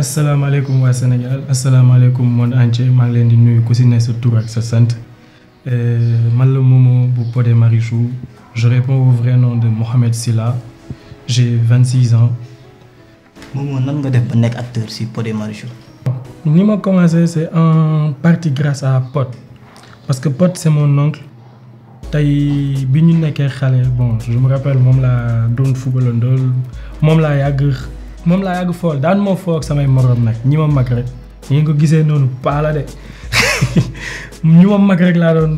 asalaamaaleykum wa Sénégal asalaamaaleykum monde entier maa ngi leen di nuyu ku si ne sa ak sa sant eh, man la Momo bu podé Marichou je réponds au vrai nom de Mohamed Silla j'ai 26 ans. Momo nan nga def ba nekk acteur si podé Marichou. ni ma commencé c'est en partie grâce à pot parce que pot c'est mon oncle tey bi ñu nekkee xale bon je me rappelle moom laa doon footballandool moom laa yàgg moom laa yàgg fool daan moo suis samay morom nag ñi ma rek ñu ko gisee noonu paa la de ñu ma mag rek laa doon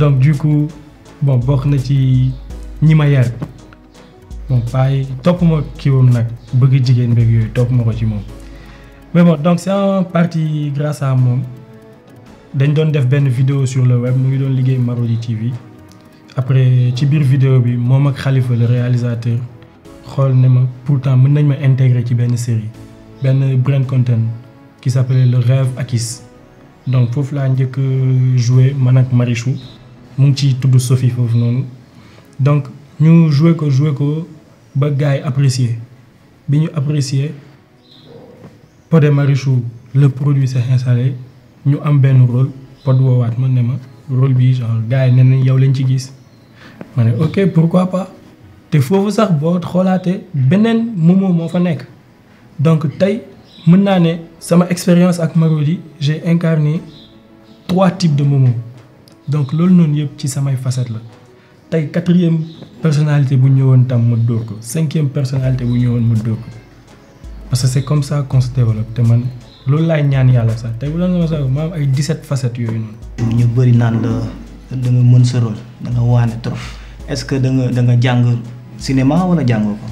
donc du coup bon bokk na ci ñi ma yar bon paa topp ma Je bëgg jigéen yooyu topp ci mais bon donc c'est en partie grâce à moom dañ suis def benn vidéo sur le web mu ngi doon liggéey Marodi TV après ci biir vidéo bi suis ak Khalifa le réalisateur pourtant mën nañ intégré intégrer ci série brand qui s'appelait le rêve acquis donc foofu laa joué Marichou mu ngi tudd Sophie donc ñu joué ko gars apprécié bi ñu Marichou le produit s'est installé ñu am un rôle Pod ma rôle bi gars ok pourquoi pas te fofu sax bo xoolaatee benen Momo mo fa nek donc tay mën naa ne sama expérience ak Marodi j'ai incarné trois types de Momo donc loolu non yeb ci samay facette la 4 quatrième personnalité bu ñëwoon tam mu dóor ko cinquième personnalité bu ñëwoon mu dóor ko parce que c'est comme ça qu'on se développe te man l'ol lay ñaan yalla sax tay bu la ma sax ma am ay 17 facettes yooyu noonu. ñu bari nan la da nga mën sa rôle da nga waane trop est-ce que da nga da nga jàng cinéma wala jàngoo ko.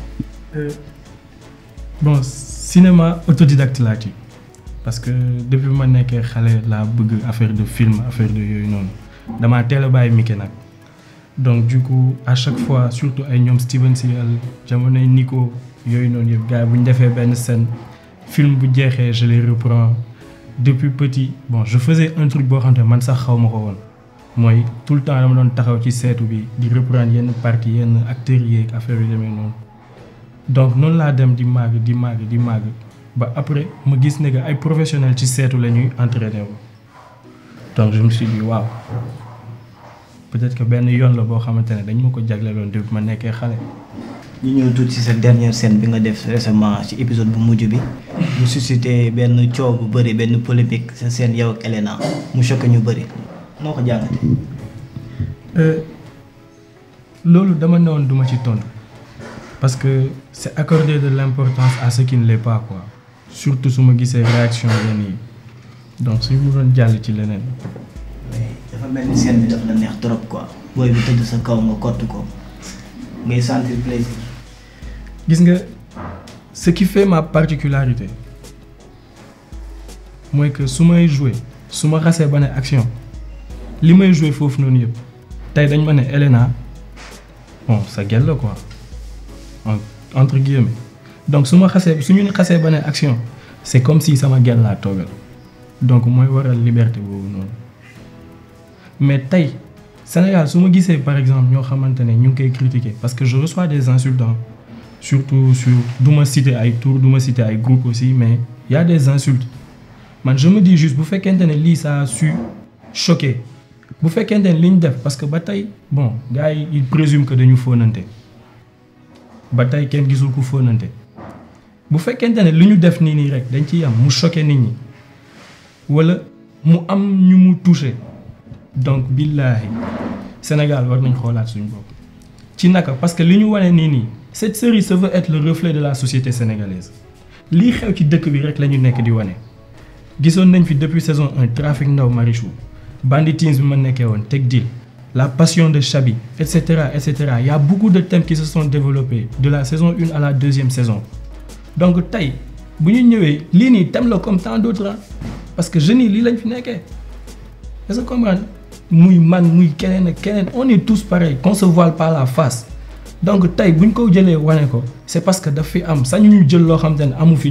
Euh, bon cinéma autodidacte laa ci parce que depuis ma nekkee xale laa bëgg affaire de film affaire de yooyu noonu tête teel a bàyyi Mickey nag donc du coup à chaque fois surtout ay ñoom Steven Seagal jamonoy Nico yooyu noonu yëpp gars yi bu ñu defee benn scène film bu jeexee je les reprends depuis petit bon je faisais un truc boo xam ne man sax xaw ma ko moy tout le temps dama doon taxaw ci setu bi di reprendre yenn parti yenn acteur yi ak affaire yu demee noonu donc noonu laa dem di màgg di màgg di màgg ba après ma gis ne que ay professionnels ci seetu la ñuy entraîné wu donc je me suis dit waaw peut-être que benn yoon la boo xamante ne dañ ma ko jagleeloon depuis ma nekkee xale. ñu ñëw tuuti ci sa dernière scène bi nga def récemment ci épisode bu mujj bi mu suscité benn coow bu bëri benn polémique sa scène yow ak Elena mu choqué ñu bëri noo ko euh lolou dama ne duma ci tontu parce que c'est accorder de l'importance à ce qui ne l'est pas quoi surtout suma ma réaction yenn Donc, si vous mënoon jàll ci mais dafa melni sen scène bi dafa la neex trop quoi. boy bi tëdd sa kaw nga kott ko ngay sentir plaisir. gis nga ce qui fait ma particularité mooy que su may jouer suma ma xasee action li may joué foofu noonu yëpp tey dañ ma ne Elena bon sa gel la quoi entre guillemets donc su ma xasee su ñu xasee ba action C'est comme si sama gel laa toogal donc mooy waral liberté boobu noonu mais tey Sénégal su ma gisee par exemple ñoo xamante ne ñu ngi koy critiquer parce que je reçois des insultes surtout sur du ma citer ay tour du ma citer ay groupe aussi mais y a des insultes man je me dis juste bu fekkente ne lii ça a su choquer bu fekkente ne li ñu def parce que ba tey bon gars yi ils présument que dañu fóonante ba tey kenn gisul ku fóonante bu fekkente ne li ñu def nii nii rek dañ ciy am mu choqué nit ñi wala mu am ñu mu touché donc billahi Sénégal war nañ xoolaat suñu bopp. ci naka parce que li ñu wane nii nii cette série se veut être le reflet de la société sénégalaise lii xew ci dëkk bi rek la ñu nekk di wane gisoon nañ fi depuis saison un trafic ndaw Marichou banditisme ma la passion de Chabi etc. etc. il y a beaucoup de thèmes qui se sont développés de la saison 1 à la deuxième saison donc vous thème comme tant d'autres hein. parce que je ne Vous est-ce que man on est tous pareils qu'on se voile pas la face donc vous ko c'est parce que vous fi am sañu amu fi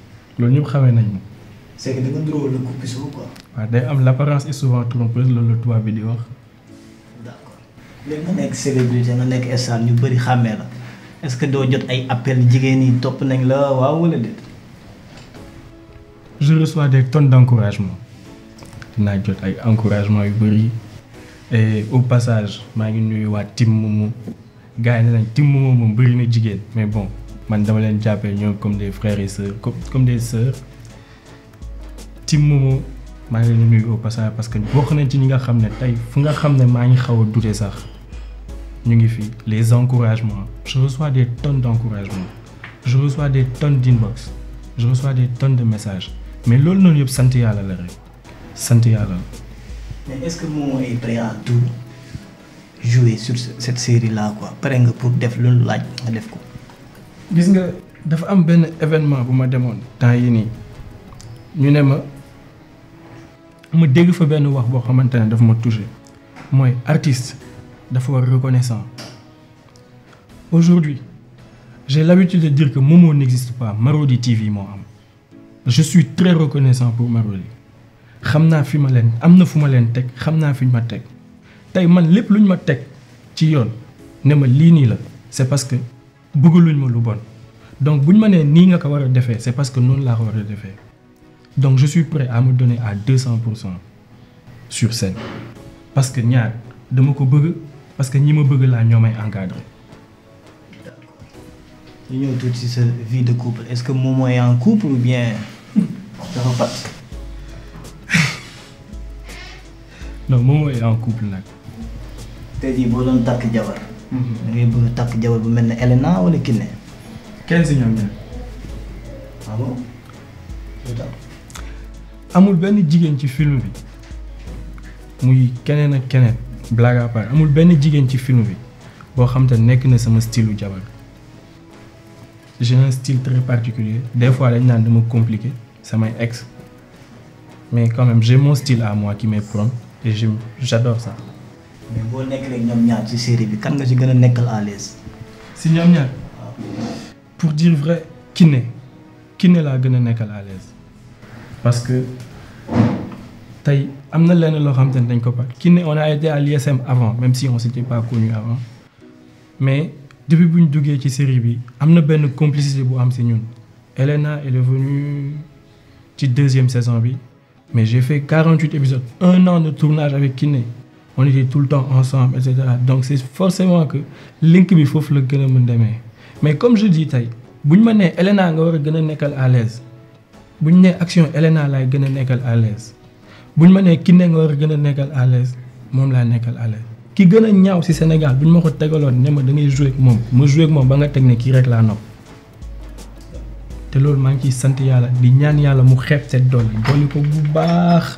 loolu ñëpp xamee nañ moom. c'est que da nga nduroo le couple soo quoi. waaw day am l'apparence est souvent trompeuse loolu la tubaab bi di wax. d'accord léegi nga nekk célébrité nga nekk star ñu bëri xàmmee la est-ce que doo jot ay appel jigéen ñi topp nañ la waaw wala déet. je reçois des tonnes d'encouragement dinaa jot ay encouragement yu bëri et au passage maa ngi nuyu waa Tim Momo gars yi ne nañ Tim Momo moom bëri na jigéen mais bon man dama leen ñoom comme des frères et sœurs comme des sœurs Team Momo maa ngi leen nuyu au passage parce que bokk nañ ci ñi nga xam ne tey fu nga xam ne maa ngi xaw a dute sax ñu ngi fi les encouragements je reçois des tonnes d'encouragements..! je reçois des tonnes d'inbox..! je reçois des tonnes de messages mais loolu noonu yëpp sant yàlla la rek sant yàlla la. mais est-ce que Momo est prêt à tout jouer sur cette série là quoi pare nga pour def loolu laaj nga def ko gis nga dafa am benn événement bu ma demoon temps yi nii ñu ne ma ma dégg fa benn wax boo xamante ne ma touché mooy artiste dafa war reconnaissant aujourd'hui j'ai l'habitude de dire que Momo n'existe pas Marodi TV moo am je suis très reconnaissant pour Marodi xam naa fi ma leen am na fu ma leen teg xam naa fi ma teg tey man lépp lu ñu ma teg ci yoon ne ma lii nii la c'est parce que bëggaluñ ma lu bon donc buñ ñu ma nee nii nga ko war a c'est parce que noonu laa ko war donc je suis prêt à me donner à 200%.. sur scène parce que ñaar dama ko bëgg parce que ñi ma bëgg laa ñoo may encadré. ñu ñëw tuuti ci sa vie de couple est-ce que Momo est en couple ou bien dafa pas..! non Momo est en couple nag. tey jii boo doon takk jabar. Mhm. da ngay bëgg a takk jabar bu mel ne Elena wala Kiné. kenn si ñoom ñaar. ah amul benn jigéen ci film bi muy keneen ak keneen blague à part amul benn jigéen ci film bi boo xam te nekk na sama stylu jabar j'ai un style très particulier des fois dañ naan dama compliqué samay ex mais quand même j'ai mon style à moi qui m'est propre et j'adore ça mais si vous rek ñoom ñaar ci série bi kan nga ci vous à l'aise si ñoom ñaar pour dire vrai Kiné Kiné Qui est à l'aise parce que Tay, amna na lenn loo dañ ko Kiné on a été à l'ISM avant même si on s'était pas connu avant mais depuis buñ duggé ci série bi amna ben complicité bu am ci ñun Elena elle est venue ci deuxième saison bi mais j'ai fait 48 épisodes un an de tournage avec Kiné on était tout le temps ensemble et cetera donc c'est forcément que link bi foofu le gën a mën mais comme je dis tey bu ma nee Elena nga wara gëna nekkal à l'aise bu ñu action Elena lay gëna nekkal à l'aise bu ñu ma nee Kiné nga wara gëna nekkal à l'aise mom la nekkal à l'aise ki gëna ñaaw ci Sénégal buñ mako ma né ma da ngay jouer ak mom, ma jouer ak mom ba nga teg ne kii rek la nopp Té lool ma ngi ci sant Yalla, di ñaan Yalla mu xeeb cette doole doole ko bu baax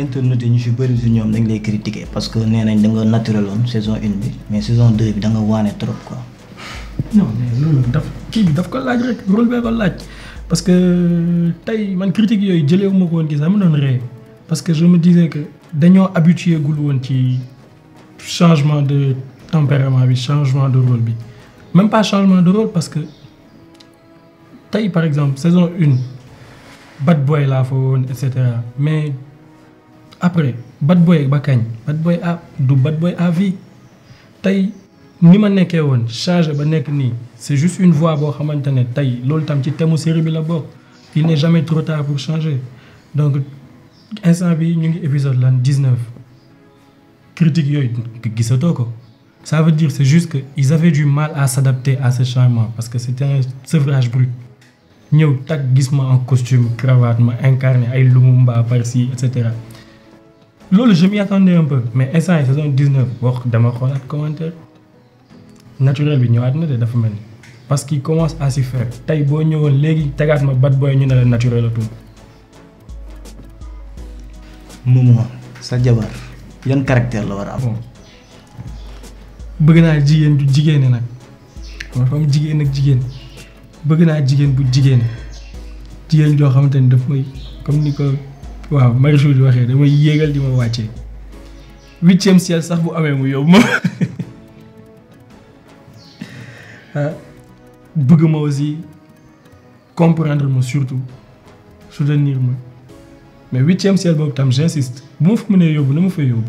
internet ñu fi bari si ñom dañ lay critiquer parce que nenañ da nga naturel saison une bi mais saison deux bi da nga wané trop quoi. non mais loolu daf kii bi daf ko laaj rek rôle ba ko laaj parce que tay man critique yoy jëleewu ma ko woon gis dama doon ree parce que je me disais que dañoo habitué gul won ci changement de tempérament bi changement de rôle bi même pas changement de rôle parce que tay par exemple saison une bad boy la fa etc et cetera mais après bad boy ba bakagne bad boy a, du bad boy à vie tay ni ma nekkee woon ba nek ni c'est juste une voix bo xamante tay lolou tam ci thème série bi la bokk il n'est jamais trop tard pour changer donc instant bi ñu ngi épisode lan 19 critique yoy gisatoo ko ça veut dire c'est juste que ils avaient du mal à s'adapter à ce changement parce que c'était un sevrage brut ñew tag gis ma en costume cravate ma incarné ay Lumumba par ci et cetera je m'y attendais un peu mais instant saison 19 je dama commentaire naturel bi ñëwaat na parce qu'il commence à s'y faire tay y ñëwoon légui ma bad boy naturel Momo sa jabar yan caractère la war a bëgg bëgg bu comme waaw Marichou di waxee damay yéegal di ma wàccee huitième ciel sax bu amee mu yóbbu ma ah bëgg ma aussi comprendre ma surtout soutenir ma mais huitième ciel boobu tam j'insiste bu ma fa mënee yóbbu na ma fay yóbbu.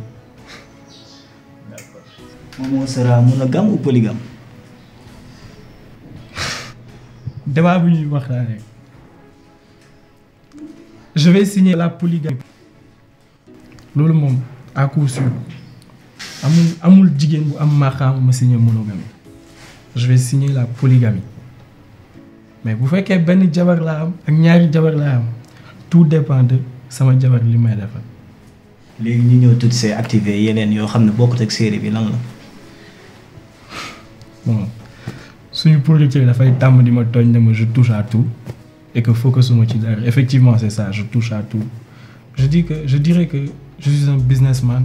Momo sera gam ou polygame. débat bu ñuy wax daal je vais signer la polygamie. C'est mom, à coup sûr amul amul digen, am ma signer je vais signer la polygamie mais vous que que jabar la am ak jabar tout dépend de sama jabar li may defal. léegi ñu ñëw tout ces activé yenen yo xamne ne ak série bi lan la. bon suñu producteur fay tam di ma togn je touche à tout et que effectivement c'est ça je touche à tout je dis que je dirais que je suis un businessman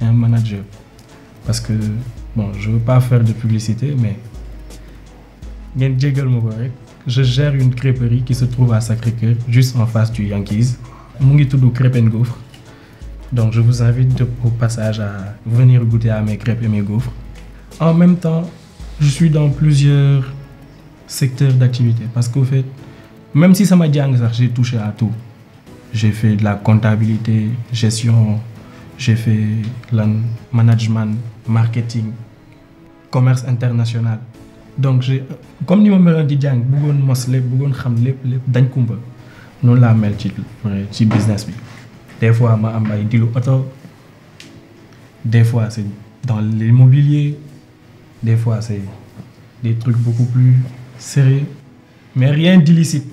et un manager parce que bon je veux pas faire de publicité mais je gère une crêperie qui se trouve à Sacré-Cœur juste en face du Yankees Mon Crêpe and Gaufre donc je vous invite au passage à venir goûter à mes crêpes et mes gaufres en même temps je suis dans plusieurs secteurs d'activité parce qu'au fait même si ça m'a dit j'ai touché à tout j'ai fait de la comptabilité gestion j'ai fait la management marketing commerce international donc comme je ma dit di je bëggoon je suis bëggoon xam lépp lépp dañ kumba business des fois ma am ay dilu auto. des fois c'est dans l'immobilier des fois c'est des trucs beaucoup plus serrés mais rien d'illicite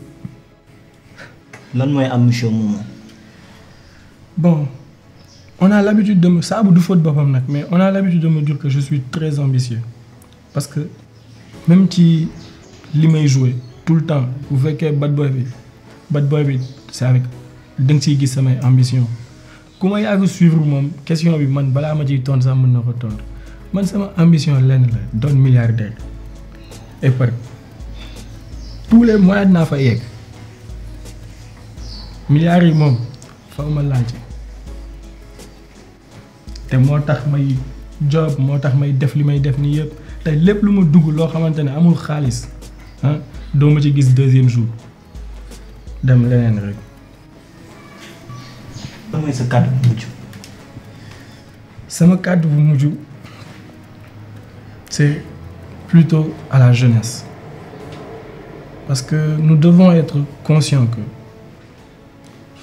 lan mooy am monsieur bon on a l'habitude de me Ça du de boppam faute.. mais on a l'habitude de me dire que je suis très ambitieux parce que même si li may jouer tout le temps bu que bad boy bi bad boy c'est avec da nga ciy gis samay ambition y ma yàgg suivre moom question bi man balaa ma ciy ton sax mën na ko tontu man sama ambition lenn la doon milliardaire et par tous les moyens naa fa yegg milliards yi moom faw ma laajte te moo tax may job moo tax may def li may def nii yëpp te lépp lu ma dugg loo xamante ne amul xaalis ah doo ma ci gis deuxième jour dem leneen rek. lan mooy sa kàddu bu mujj. sama kàddu bu mujj c'est plutôt à la jeunesse parce que nous devons être conscients que.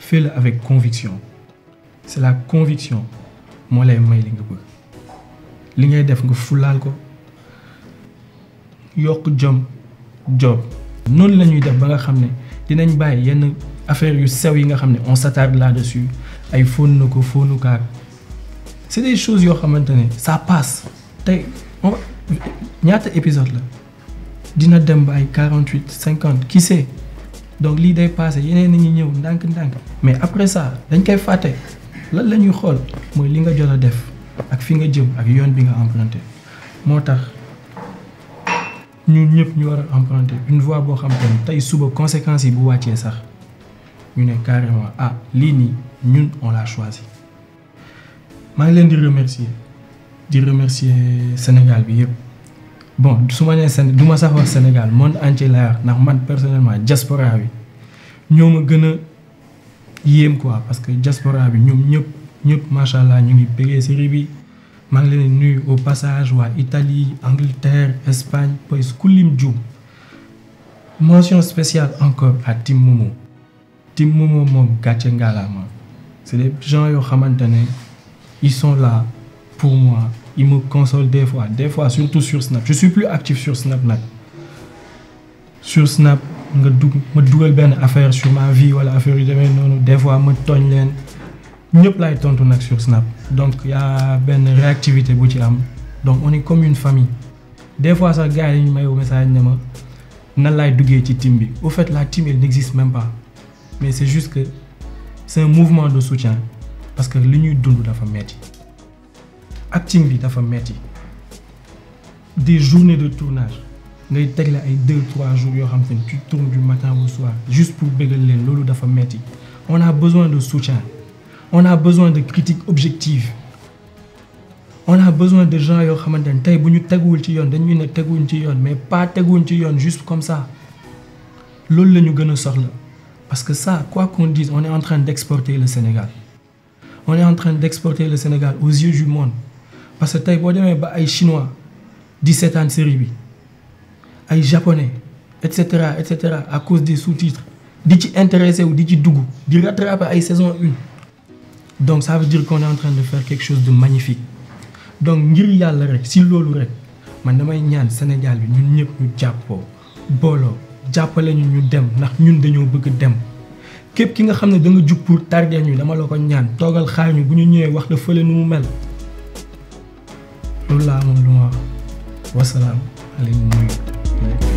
fais-le avec conviction c'est la conviction moo lay may li nga bëgg li ngay def nga fulaal ko yok jom job non lañuy def ba nga xamné dinañ bay yenn affaire yu sew yi nga xamné on s'attarde là-dessus ay fóon na ko fóonu kaak c'est des choses yo xamantene ça passe tay on ñaata épisode la dina dem ba ay quarante huit cinquante qui sait donc l'idée day passé yeneen mais après ça dañ koy fàtte la ñuy xool mooy li nga a def ak fi nga jëm ak yoon bi nga emprunté ñun une voie boo xam conséquences bu sax carrément ah on l'a choisi maa ngi leen remercier di remercier Sénégal bi bon su ma du ma Sénégal monde entier man personnellement diaspora bi ñoo quoi parce que diaspora bi ñoom ñëpp ñëpp macha ñu ngi série bi au passage waa Italie Angleterre Espagne mention spéciale encore à Tim Momo Tim Momo c'est des gens yoo ils sont là pour moi il me console des fois. Des fois, surtout sur Snap. Je suis plus actif sur Snap Sur Snap, je suis ma affaire sur ma vie wala affaire de des fois je tooñ leen Je laay tontu nag sur Snap. donc il y a une réactivité donc on est comme une famille des fois ça gars yi ñu message ne ci team au fait la team n'existe même pas mais c'est juste que c'est un mouvement de soutien parce que li ñuy la dafa famille acting bi dafa metti des journées de tournage ngay ou ay deux trois jours yo tu tournes du matin au soir juste pour bëggal leen dafa metti on a besoin de soutien on a besoin de critiques objectives on a besoin de gens qui ont ne un bu ci dañuy ne ci mais pas ci juste comme ça lolu lañu que soxla parce que ça quoi qu'on dise on est en train d'exporter le Sénégal on est en train d'exporter le Sénégal aux yeux du monde parce que tey boo demee ba ay chinois di ans série bi ay japonais et cetera et cetera à cause des sous-titres di ci intéressé wu di ci dugg di rattraper ay saison une donc ça veut dire qu'on est en train de faire quelque chose de magnifique donc ngir le rek si le rek man damay ñaan Sénégal bi ñun ñëpp ñu jàppoo booloo jàppale ñu ñu dem ndax ñun dañoo bëgg dem képp ki nga xam ne da nga jug pour tardé ñu dama la ko ñaan togal xaar ñu bu ñu ñëwee wax la fële nu mu mel. loolu laa amoon lu ma wax wasalaam aleykum